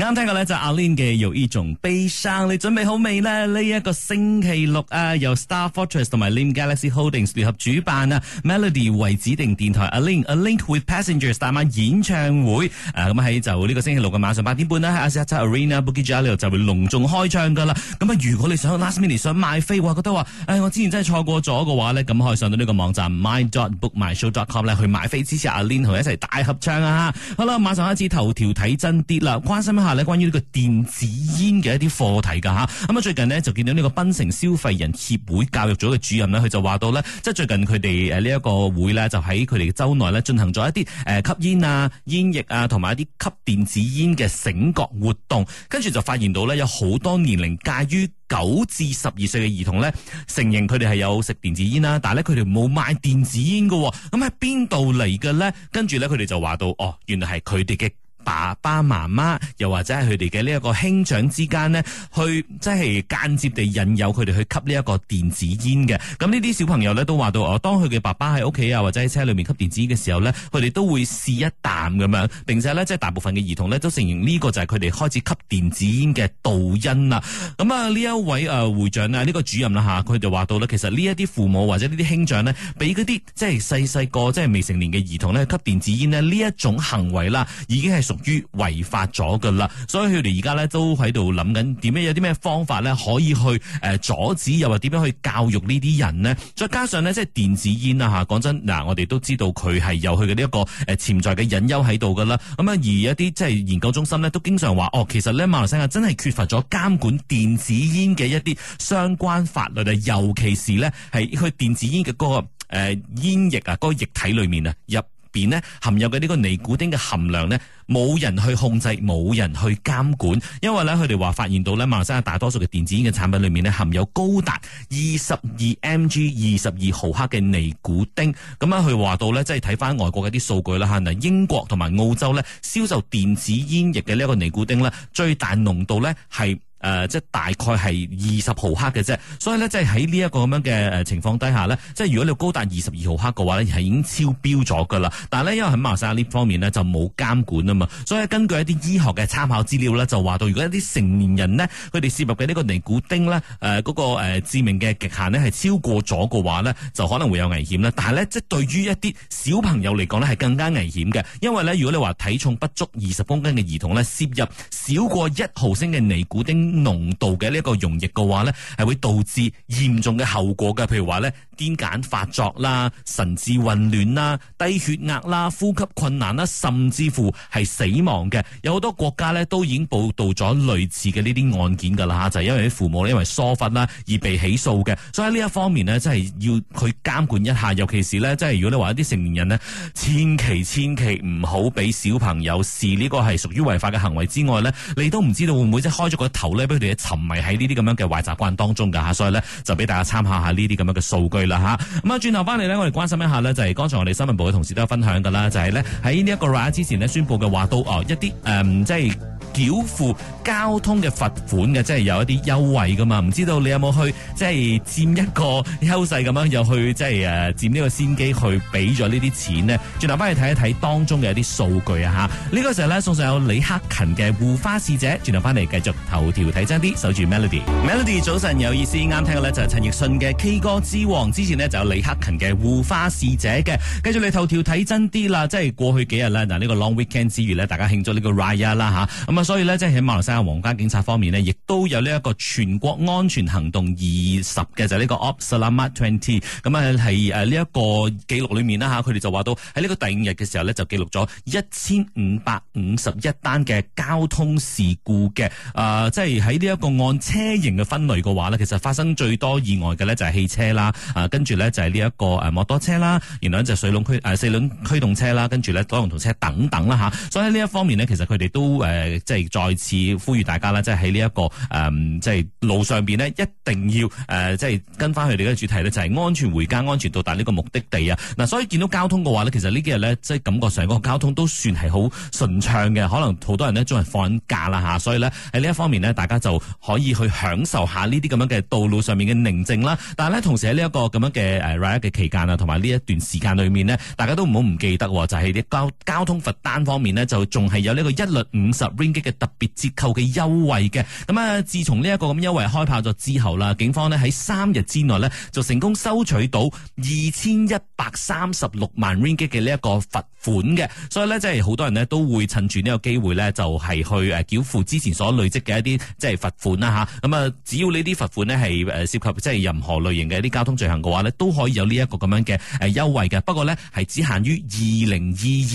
啱聽過咧，就阿、係、Lin 嘅有一種悲傷，你準備好未呢？呢、這、一個星期六啊，由 Star Fortress 同埋 Lim Galaxy Holdings 聯合主辦啊，Melody 為指定電台，阿 Lin A Link with Passengers 大晚演唱會，咁、啊、喺就呢個星期六嘅晚上八點半咧，喺 Axiata Arena Bukit Jalil 就會隆重開唱噶啦。咁啊，如果你想 last minute 想買飛，話覺得話，我之前真係錯過咗嘅話呢，咁可以上到呢個網站 my dot bookmyshow dot com 去買飛支持阿 Lin 同佢一齊大合唱啊！好啦，馬上開始頭條睇真啲啦，關心。下咧，關於呢個電子煙嘅一啲課題噶吓，咁啊最近呢就見到呢個檳城消費人協會教育組嘅主任呢，佢就話到呢，即係最近佢哋誒呢一個會呢，就喺佢哋嘅州內咧進行咗一啲誒吸煙啊、煙液啊，同埋一啲吸電子煙嘅醒覺活動，跟住就發現到呢，有好多年齡介於九至十二歲嘅兒童呢，承認佢哋係有食電子煙啦，但係呢，佢哋冇買電子煙噶，咁喺邊度嚟嘅呢？跟住呢，佢哋就話到，哦，原來係佢哋嘅。爸爸媽媽又或者係佢哋嘅呢一個兄長之間呢，去即係、就是、間接地引誘佢哋去吸呢一個電子煙嘅。咁呢啲小朋友呢，都話到哦，當佢嘅爸爸喺屋企啊，或者喺車裏面吸電子煙嘅時候呢，佢哋都會試一啖咁樣，並且呢，即、就、係、是、大部分嘅兒童呢，都承認呢個就係佢哋開始吸電子煙嘅導因啦。咁啊呢一位誒、呃、會長啊，呢、這個主任啦嚇，佢、啊、就話到呢，其實呢一啲父母或者呢啲兄長呢，俾嗰啲即係細細個即係、就是、未成年嘅兒童呢，吸電子煙呢，呢一種行為啦，已經係。屬於違法咗噶啦，所以佢哋而家咧都喺度諗緊點樣有啲咩方法咧可以去誒阻止，又或點樣去教育呢啲人呢？再加上呢，即係電子煙啊吓，講真嗱，我哋都知道佢係有佢嘅呢一個誒潛在嘅隱憂喺度噶啦。咁啊，而一啲即係研究中心呢，都經常話，哦，其實咧馬來西亞真係缺乏咗監管電子煙嘅一啲相關法律啊，尤其是呢係佢電子煙嘅嗰個誒煙液啊，嗰、嗰個液體裏面啊入。邊呢含有嘅呢個尼古丁嘅含量呢，冇人去控制，冇人去監管，因為呢，佢哋話發現到呢，馬來西亞大多數嘅電子煙嘅產品裏面呢，含有高達二十二 mg、二十二毫克嘅尼古丁。咁啊，佢話到呢，即係睇翻外國嘅啲數據啦吓，嗱，英國同埋澳洲呢，銷售電子煙液嘅呢個尼古丁呢，最大濃度呢係誒、呃、即係大概係二十毫克嘅啫，所以呢，即係喺呢一個咁樣嘅誒情況底下呢，即係如果你高達二十二毫克嘅話呢，係已經超標咗噶啦。但係呢，因為喺馬來西亞呢方面呢，就冇監管啊嘛，所以根據一啲醫學嘅參考資料呢，就話到如果一啲成年人呢，佢哋攝入嘅呢個尼古丁呢，誒、呃、嗰、嗰個、呃、致命嘅極限呢，係超過咗嘅話呢，就可能會有危險啦。但係呢，即係對於一啲小朋友嚟講呢，係更加危險嘅，因為呢，如果你話體重不足二十公斤嘅兒童呢，攝入少過一毫升嘅尼古丁。濃度嘅呢一個溶液嘅話咧，係會導致嚴重嘅後果嘅，譬如話咧。癲癇發作啦、神志混亂啦、低血壓啦、呼吸困難啦，甚至乎係死亡嘅。有好多國家呢，都已經報道咗類似嘅呢啲案件噶啦，就係因為啲父母因為疏忽啦而被起訴嘅。所以呢一方面呢，真係要去監管一下，尤其是呢，即係如果你話一啲成年人呢，千祈千祈唔好俾小朋友試呢個係屬於違法嘅行為之外呢，你都唔知道會唔會即係開咗個頭呢，俾佢哋沉迷喺呢啲咁樣嘅壞習慣當中噶吓。所以呢，就俾大家參考下呢啲咁樣嘅數據。咁啊轉頭翻嚟咧，我哋關心一下咧，就係、是、剛才我哋新聞部嘅同事都有分享噶啦，就係咧喺呢一個 round 之前咧宣佈嘅話都哦一啲誒即係。嗯就是繳付交通嘅罰款嘅，即係有一啲優惠噶嘛？唔知道你有冇去即係佔一個優勢咁樣，又去即係誒佔呢個先機去俾咗呢啲錢呢？轉頭翻去睇一睇當中嘅一啲數據啊！哈，呢個時候咧送上有李克勤嘅《護花使者》，轉頭翻嚟繼續頭條睇真啲，守住 Melody。Melody 早晨有意思，啱聽嘅咧就係陳奕迅嘅《K 歌之王》，之前呢，就有李克勤嘅《護花使者》嘅，繼續你頭條睇真啲啦！即係過去幾日呢，嗱，呢個 Long Weekend 之餘呢，大家慶祝呢個 Raya 啦咁啊！所以咧，即係喺馬來西亞皇家警察方面咧，亦，都有呢一個全國安全行動二十嘅就係、是、呢個 Ops Selamat Twenty，咁啊係誒呢一個記錄裏面啦嚇，佢哋就話到喺呢個第五日嘅時候咧，就記錄咗一千五百五十一單嘅交通事故嘅誒，即係喺呢一個按車型嘅分類嘅話呢，其實發生最多意外嘅咧就係汽車啦，啊跟住咧就係呢一個誒摩托車啦，然後就水龍驅誒、啊、四輪驅動車啦，跟住咧多用途車等等啦吓，所以喺呢一方面呢，其實佢哋都誒即係再次呼籲大家啦，即係喺呢一個。誒、嗯、即、就、係、是、路上邊咧，一定要誒即係跟翻佢哋嘅主題咧，就係安全回家、安全到達呢個目的地啊！嗱，所以見到交通嘅話咧，其實呢幾日咧，即係感覺上個交通都算係好順暢嘅。可能好多人咧，都係放緊假啦吓，所以咧喺呢一方面咧，大家就可以去享受下呢啲咁樣嘅道路上面嘅寧靜啦。但係咧，同時喺呢一個咁樣嘅誒 ride 嘅期間啊，同埋呢一段時間裏面咧，大家都唔好唔記得，就係、是、啲交交通罰單方面咧，就仲係有呢個一律五十 ringgit 嘅特別折扣嘅優惠嘅。咁啊～自從呢一個咁優惠開炮咗之後啦，警方呢喺三日之內呢就成功收取到二千一百三十六萬 Ringgit 嘅呢一個罰款嘅，所以呢，即係好多人呢都會趁住呢個機會呢，就係去誒繳付之前所累積嘅一啲即係罰款啦吓，咁啊，只要呢啲罰款呢係誒涉及即係任何類型嘅一啲交通罪行嘅話呢，都可以有呢一個咁樣嘅誒優惠嘅，不過呢，係只限於二零二二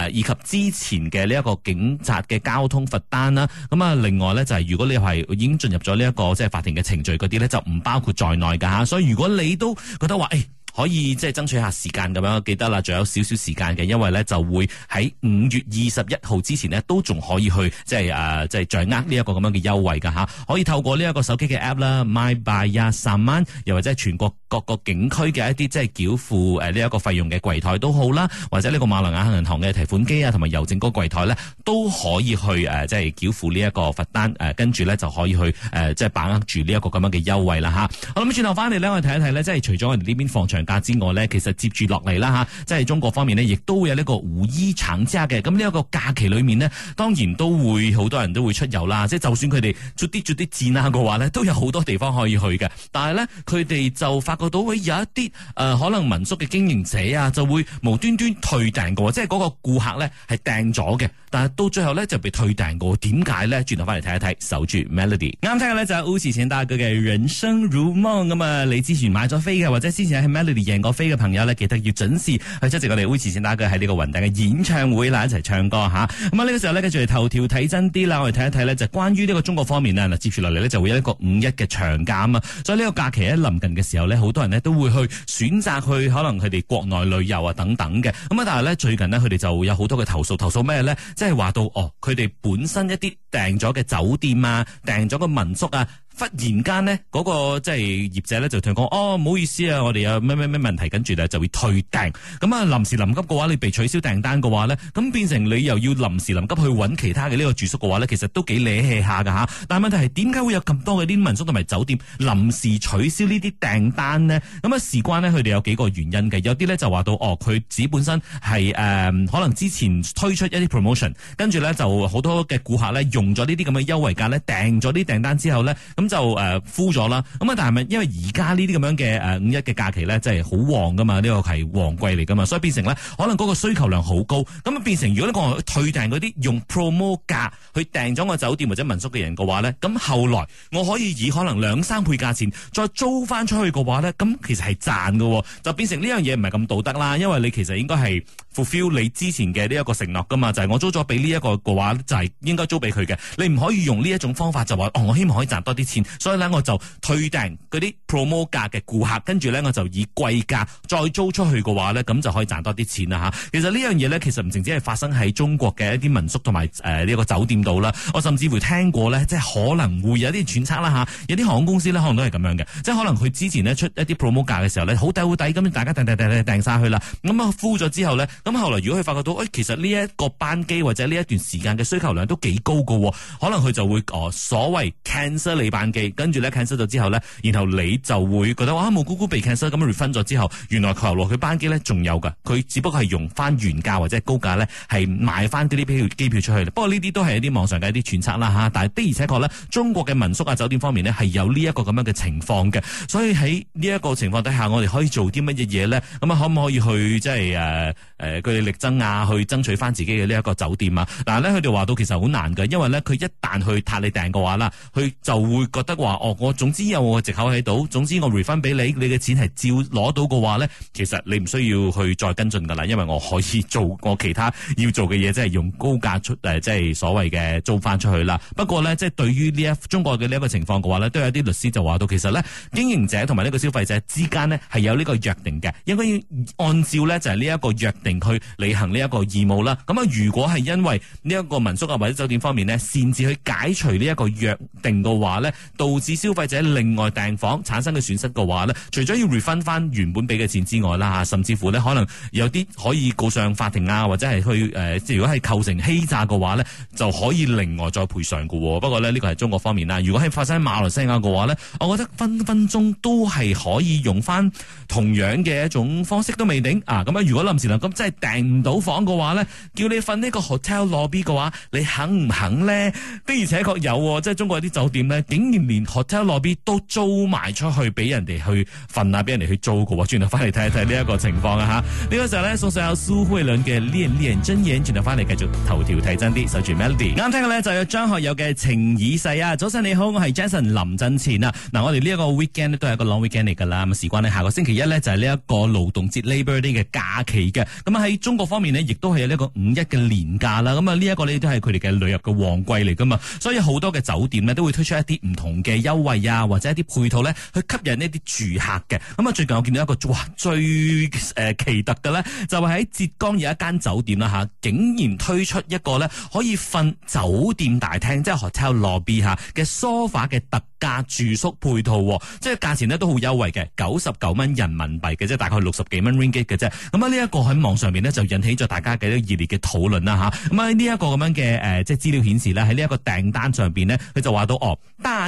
年誒以及之前嘅呢一個警察嘅交通罰單啦，咁啊，另外呢，就係、是。如果你係已經進入咗呢一個即係法庭嘅程序嗰啲咧，就唔包括在內㗎嚇。所以如果你都覺得話，誒、欸。可以即係爭取下時間咁樣，記得啦，仲有少少時間嘅，因為咧就會喺五月二十一號之前咧，都仲可以去即係誒即係掌握呢一個咁樣嘅優惠噶吓、啊，可以透過呢一個手機嘅 app 啦，MyBayar Saman，又或者係全國各個景區嘅一啲即係繳付誒呢一個費用嘅櫃台都好啦，或者呢個馬來亞銀行嘅提款機啊，同埋郵政嗰櫃台咧，都可以去誒即係繳付、啊、呢一個罰單誒跟住咧就可以去誒即係把握住呢一個咁樣嘅優惠啦吓、啊，好啦，咁轉頭翻嚟咧，我哋睇一睇咧，即係除咗我哋呢邊放場。之外咧，其實接住落嚟啦嚇，即係中國方面呢，亦都會有呢個胡依橙之類嘅。咁呢一個假期裏面呢，當然都會好多人都會出遊啦。即係就算佢哋做啲做啲賤啊嘅話呢，都有好多地方可以去嘅。但係呢，佢哋就發覺到，誒有一啲誒、呃、可能民宿嘅經營者啊，就會無端端退訂嘅，即係嗰個顧客呢係訂咗嘅，但係到最後呢，就被退訂嘅。點解呢？轉頭翻嚟睇一睇，守住 Melody。啱聽嘅呢，就係 u z 請大哥嘅《人生如夢》咁啊！你之前買咗飛嘅，或者之前喺 Melody。連贏過飛嘅朋友咧，記得要準時去出席我哋會事先打嘅喺呢個雲頂嘅演唱會啦，一齊唱歌吓。咁啊，呢個時候咧，跟住嚟頭條睇真啲啦。我哋睇一睇咧，就關於呢個中國方面啊。嗱，接住落嚟咧，就會有一個五一嘅長假啊嘛。所以呢個假期咧臨近嘅時候咧，好多人咧都會去選擇去可能佢哋國內旅遊啊等等嘅。咁啊，但係咧最近呢，佢哋就有好多嘅投訴，投訴咩咧？即係話到哦，佢哋本身一啲訂咗嘅酒店啊，訂咗個民宿啊。忽然間呢嗰個即係業者咧就同佢講：哦，唔好意思啊，我哋有咩咩咩問題跟住咧，就會退訂。咁啊，臨時臨急嘅話，你被取消訂單嘅話呢，咁變成你又要臨時臨急去揾其他嘅呢個住宿嘅話呢，其實都幾惹氣下㗎。但係問題係點解會有咁多嘅啲民宿同埋酒店臨時取消呢啲訂單呢？咁啊，事關呢，佢哋有幾個原因嘅，有啲呢就話到哦，佢自己本身係誒、呃，可能之前推出一啲 promotion，跟住呢就好多嘅顧客呢用咗呢啲咁嘅優惠價呢訂咗啲訂單之後呢，咁。就誒、呃，敷咗啦。咁啊，但係咪因為而家呢啲咁樣嘅，誒、呃、五一嘅假期咧，真係好旺噶嘛呢、這個係旺季嚟噶嘛所以變成咧，可能嗰個需求量好高。咁啊，變成如果你講退訂嗰啲用 promo 價去訂咗個酒店或者民宿嘅人嘅話咧，咁後來我可以以可能兩三倍價錢再租翻出去嘅話咧，咁其實係賺嘅。就變成呢樣嘢唔係咁道德啦，因為你其實應該係 fulfill 你之前嘅呢一個承諾噶嘛就係、是、我租咗俾呢一個嘅話，就係、是、應該租俾佢嘅。你唔可以用呢一種方法就話哦，我希望可以賺多啲錢。所以咧，我就退訂嗰啲 promo 價嘅顧客，跟住咧我就以貴價再租出去嘅話咧，咁就可以賺多啲錢啦嚇。其實呢樣嘢咧，其實唔淨止係發生喺中國嘅一啲民宿同埋誒呢一個酒店度啦。我甚至乎聽過咧，即係可能會有啲揣測啦嚇，有啲航空公司咧可能都係咁樣嘅，即係可能佢之前咧出一啲 promo 價嘅時候咧，好抵好抵咁，大家訂訂訂訂訂曬去啦。咁啊，full 咗之後咧，咁後嚟如果佢發覺到，誒、哎、其實呢一個班機或者呢一段時間嘅需求量都幾高㗎喎，可能佢就會、呃、所謂 cancel 你班。跟住咧 cancel 咗之後呢，然後你就會覺得啊，冇 google 被 cancel 咁 refund 咗之後，原來佢落佢班機呢，仲有㗎。佢只不過係用翻原價或者高價呢，係賣翻啲呢啲機票出去。不過呢啲都係一啲網上嘅一啲揣測啦吓，但係的而且確呢，中國嘅民宿啊、酒店方面呢，係有呢一個咁樣嘅情況嘅。所以喺呢一個情況底下，我哋可以做啲乜嘢嘢呢？咁、嗯、啊，可唔可以去即係誒誒佢哋力爭啊，去爭取翻自己嘅呢一個酒店啊？嗱、啊、呢，佢哋話到其實好難嘅，因為佢一旦去你訂嘅話啦，佢就會覺得話哦，我總之有我嘅藉口喺度，總之我 refund 俾你，你嘅錢係照攞到嘅話呢，其實你唔需要去再跟進㗎啦，因為我可以做我其他要做嘅嘢，即係用高價出誒，即係所謂嘅租翻出去啦。不過呢，即係對於呢一中國嘅呢一個情況嘅話呢，都有啲律師就話到，其實呢，經營者同埋呢個消費者之間呢，係有呢個約定嘅，應該要按照呢就係呢一個約定去履行呢一個義務啦。咁啊，如果係因為呢一個民宿啊或者酒店方面呢，擅自去解除呢一個約定嘅話呢。導致消費者另外訂房產生嘅損失嘅話呢，除咗要 refund 翻原本俾嘅錢之外啦嚇，甚至乎呢可能有啲可以告上法庭啊，或者係去即、呃、如果係構成欺詐嘅話呢就可以另外再賠償嘅喎。不過呢，呢個係中國方面啦，如果係發生喺馬來西亞嘅話呢，我覺得分分鐘都係可以用翻同樣嘅一種方式都未定啊。咁啊，如果臨時咁真係訂唔到房嘅話呢，叫你瞓呢個 hotel lobby 嘅話，你肯唔肯呢？的而且確有喎，即係中國有啲酒店呢。連連 hotel lobby 都租埋出去俾人哋去瞓啊，俾人哋去租噶喎。轉頭翻嚟，睇一睇呢一個情況啊，吓、這、呢個時候咧送上有蘇慧倫嘅呢樣呢樣真嘢。轉頭翻嚟繼續頭條睇真啲，守住 melody。啱聽嘅咧就有張學友嘅情已逝啊。早晨你好，我係 Jason 林振前啊。嗱，我哋呢一個 weekend 都係一個 long weekend 嚟噶啦。咁事關咧下個星期一咧就係呢一個勞動節 Labour Day 嘅假期嘅。咁喺中國方面呢，亦都係呢一個五一嘅年假啦。咁啊呢一個咧都係佢哋嘅旅遊嘅旺季嚟噶嘛。所以好多嘅酒店呢，都會推出一啲同嘅優惠啊，或者一啲配套咧，去吸引一啲住客嘅。咁啊，最近我見到一個哇最誒、呃、奇特嘅咧，就係、是、喺浙江有一間酒店啦嚇、啊，竟然推出一個咧可以瞓酒店大廳，即、就、係、是、hotel lobby 嚇嘅 sofa 嘅特價住宿配套，啊、即係價錢咧都好優惠嘅，九十九蚊人民幣嘅啫，大概六十幾蚊 ringgit 嘅啫。咁啊，呢、這、一個喺網上邊咧就引起咗大家嘅一啲熱烈嘅討論啦嚇。咁啊，呢、啊、一、這個咁樣嘅誒，即、呃、係資料顯示咧喺呢一個訂單上邊咧，佢就話到哦，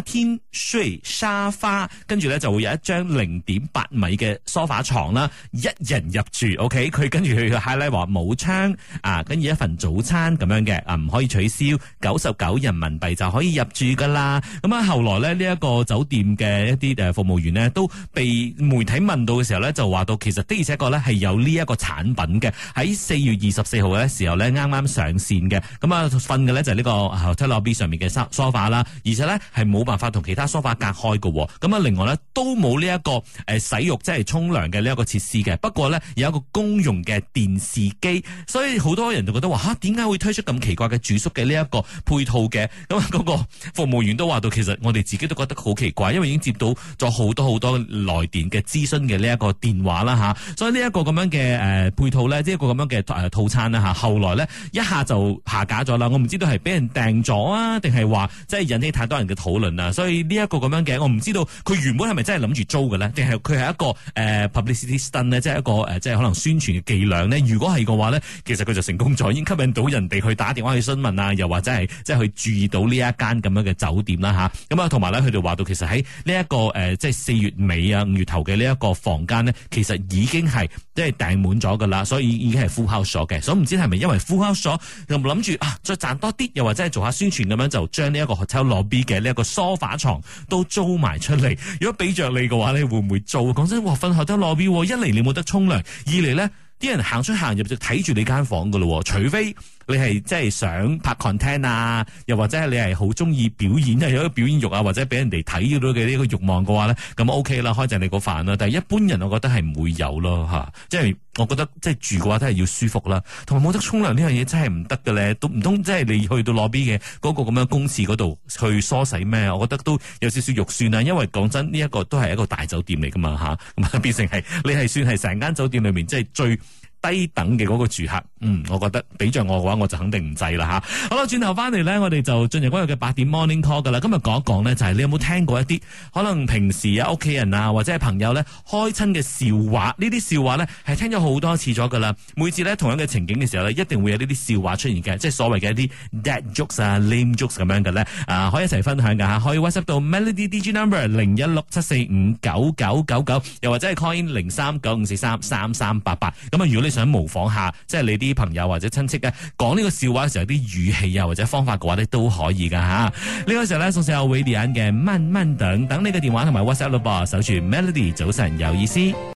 天睡沙發跟住咧就會有一張零點八米嘅梳化床啦，一人入住，OK，佢跟住佢嘅 High Life 冇窗啊，跟住一份早餐咁樣嘅，啊唔可以取消，九十九人民幣就可以入住噶啦。咁啊，後來咧呢一個酒店嘅一啲誒服務員呢，都被媒體問到嘅時候咧，就話到其實的而且確咧係有呢一個產品嘅，喺四月二十四號嘅時候咧啱啱上線嘅。咁啊，瞓嘅咧就係呢個 hotel lobby 上面嘅梳化啦，而且咧係冇辦法同其他梳化隔開嘅，咁啊，另外咧都冇呢一個誒洗浴，即係沖涼嘅呢一個設施嘅。不過咧有一個公用嘅電視機，所以好多人就覺得話吓，點解會推出咁奇怪嘅住宿嘅呢一個配套嘅？咁啊，嗰個服務員都話到，其實我哋自己都覺得好奇怪，因為已經接到咗好多好多來電嘅諮詢嘅呢一個電話啦吓。所以呢一個咁樣嘅誒配套咧，即係一個咁樣嘅誒套餐啦吓。後來咧一下就下架咗啦，我唔知道係俾人訂咗啊，定係話即係引起太多人嘅討論。嗱，所以呢一個咁樣嘅，我唔知道佢原本係咪真係諗住租嘅咧，定係佢係一個誒 publicity stunt 咧，即係一個誒即係可能宣傳嘅伎倆咧。如果係嘅話咧，其實佢就成功咗，已經吸引到人哋去打電話去詢問啊，又或者係即係去注意到呢一間咁樣嘅酒店啦吓，咁啊，同埋咧，佢哋話到其實喺呢一個、呃、即係四月尾啊五月頭嘅呢一個房間咧，其實已經係。即係訂滿咗噶啦，所以已經係呼修所嘅，所以唔知係咪因為呼修所又諗住啊，再賺多啲，又或者係做下宣傳咁樣，就將呢一個學修羅比嘅呢一個 s o 床都租埋出嚟。如果俾着你嘅話你會唔會做？講真，我瞓學修羅比，lobby, 一嚟你冇得沖涼，二嚟咧啲人行出行入就睇住你間房噶咯，除非。你係即係想拍 content 啊，又或者你係好中意表演，即係有一個表演欲啊，或者俾人哋睇到嘅呢個欲望嘅話咧，咁 OK 啦，開就你個飯啦。但係一般人我覺得係唔會有咯，即係我覺得即係住嘅話都係要舒服啦。同埋冇得沖涼呢樣嘢真係唔得嘅咧，都唔通即係你去到攞 B 嘅嗰個咁樣公廁嗰度去梳洗咩？我覺得都有少少肉酸啊。因為講真，呢、這、一個都係一個大酒店嚟噶嘛吓，咁、啊、變變成係你係算係成間酒店裏面即係最。低等嘅嗰個住客，嗯，我覺得俾着我嘅話，我就肯定唔制啦嚇。好啦，轉頭翻嚟咧，我哋就進入今日嘅八點 morning call 噶啦。今日講一講咧，就係你有冇聽過一啲可能平時啊屋企人啊或者係朋友咧開親嘅笑話？呢啲笑話咧係聽咗好多次咗噶啦。每次咧同樣嘅情景嘅時候咧，一定會有呢啲笑話出現嘅，即係所謂嘅一啲 dead jokes 啊、lame jokes 咁樣嘅咧。啊，可以一齊分享㗎，可以 WhatsApp 到 Melody DG number 零一六七四五九九九九，又或者係 Coin 零三九五四三三三八八。咁啊，如果想模仿下，即係你啲朋友或者親戚啊，講呢個笑話嘅時候，啲語氣啊或者方法嘅話咧都可以噶吓。呢、嗯啊這個時候咧，送上 William 嘅慢慢等等你嘅電話同埋 WhatsApp 咯噃，守住 Melody 早晨有意思。